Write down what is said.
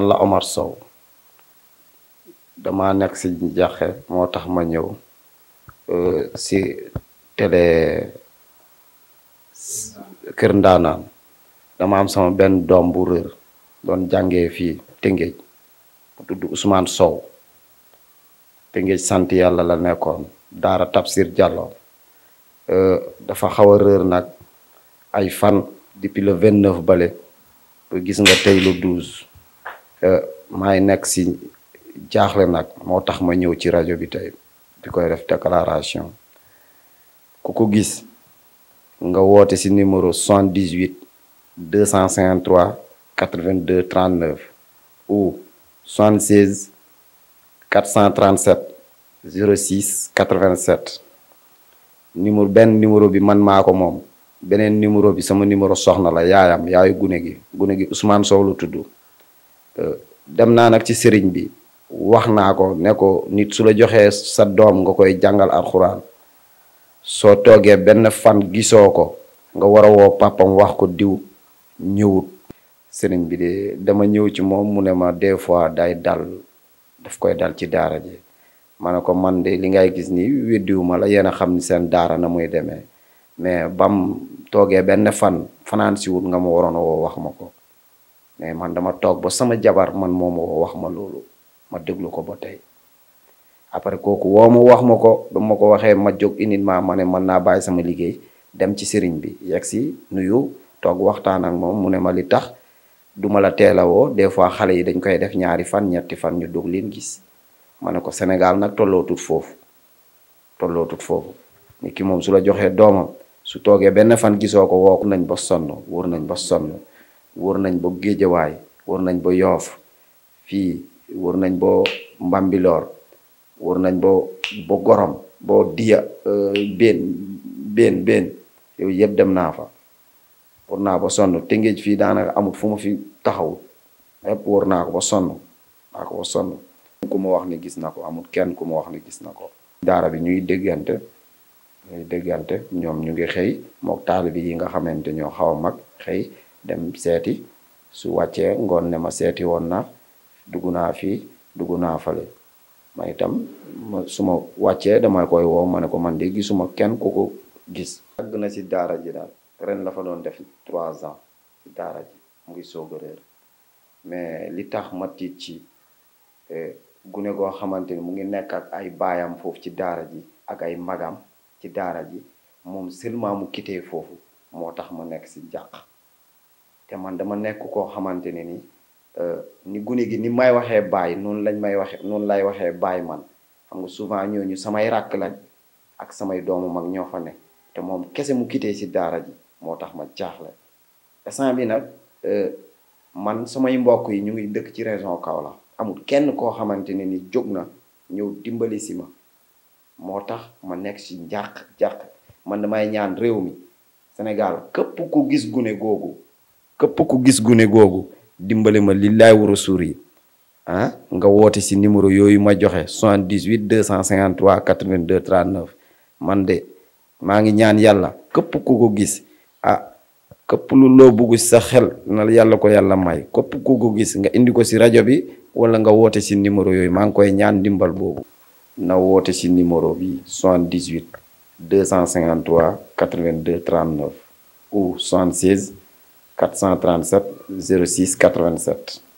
man la Omar Sow dama nekk si jaxe moo tax ma ñëw euh, si télé Kër Ndaanaan dama am sama benn doom bu réer doon jàngee fii Tëngéej mu tudd Ousmane Sow Tëngéej sant yàlla la nekkoon daara Tafsir Diallo euh, dafa xaw a réer nag ay fan depuis le vingt neuf bale ba gis nga tey lu douze Euh, maay nekk si jaaxle nag moo tax ma ñëw ci rajo bi tey di koy def déclaration ku ko gis nga woote si numéro 78 253 82 39 ou 76 437 06 87 numéro benn numéro bi man maa ko moom beneen numéro bi sama numéro soxna la yaayam yaayu gune gi gune gi Ousmane Sow la tudd Euh, dem naa nag ci sëriñ bi wax naa ko ne ko nit su la joxee sa doom nga koy jàngal alxuraan soo toogee benn fan gisoo ko nga war a woo pàppam wax ko diw ñëwut sëriñ bi de dama ñëw ci moom mu ne ma des fois day dal daf koy dal ci daara ji ma ne ko man de li ngay gis ni weddiwuma la yéen a xam ni seen daara na muy deme mais bam toogee benn fan fanaan siwut nga mu waroon a woo wax ma ko mais man dama toog ba sama jabar man moo ma wax ma loolu ma déglu ko ba tey après kooku woo ma wax ma ko ba ma ko waxee ma jóg init ma ma ne mën naa bàyyi sama liggéey dem ci sëriñ bi yegg si nuyu toog waxtaan ak moom mu ne ma li tax duma la teel a woo des fois xale yi dañ koy def ñaari fan ñetti fan ñu dog leen gis ma ne ko Sénégal nag tollootut foofu tollootut foofu nit ki moom su la joxee doomam su toogee benn fan gisoo ko woo nañ ba sonn wóor nañ ba sonn wër nañ ba géejawaay wër nañ ba yoof fii wër nañ ba mbambiloor wër nañ ba ba gorom boo diya euh, benn benn benn yooyu yëpp dem naa fa wër naa ba sonn tëngéej fii daanaka amul fu ma fi taxaw yëpp wër naa ko ba sonn naa ku ma wax ne gis na ko amul kenn ku ma wax ni gis na ko daara bi ñuy déggante ñuy déggante ñoom ñu ngi xëy mook taal bi yi nga xamante ñoo xaw a mag xëy dem seeti su wàccee ngoon ne ma seeti woon na dugg naa fi dugg naa fale ma itam ma su ma wàccee dama koy woo ma ne ko man de gisuma kenn ku ko gis. àgg na si daara ji daal ren la fa doon def trois ans si daara ji mu ngi soog a réer mais li tax ma tiit ci eh, gune goo xamante ni mu ngi nekk ak ay baayam foofu ci daara ji ak ay magam ci daara ji moom seulement mu kite foofu moo tax ma nekk ci jàq te man dama nekk koo xamante ne ni euh, ni gune gi ni may waxee baay noonu lañ may waxe noonu lay waxee baay man xam nga souvent ñooñu samay rakk lañ ak samay doomu mag ñoo fa nekk te moom kese mu kitee si daara ji moo tax ma jaaxle instant bi nag euh, man samay mbokk yi ñu ngi dëkk ci région Kaolack amul kenn koo xamante ne ni jóg na ñëw dimbali si ma moo tax ma nekk ci njàq njàq man damay ñaan réew mi Sénégal képp ku gis gune googu képp ku gis gune googu dimbali ma lillaay war a suur yi ah, nga woote si numéro yooyu ma joxe 78 253 82 39 man de maa ngi ñaan yàlla képp ku ko gis ah képp lu loo bugg si sa xel na yàlla ko yàlla may képp ku ko gis nga indi ko si rajo bi wala nga woote si numéro yooyu maa ngi koy ñaan dimbal boobu na woote si numéro bi 78 253 82 39 ou 437 06 87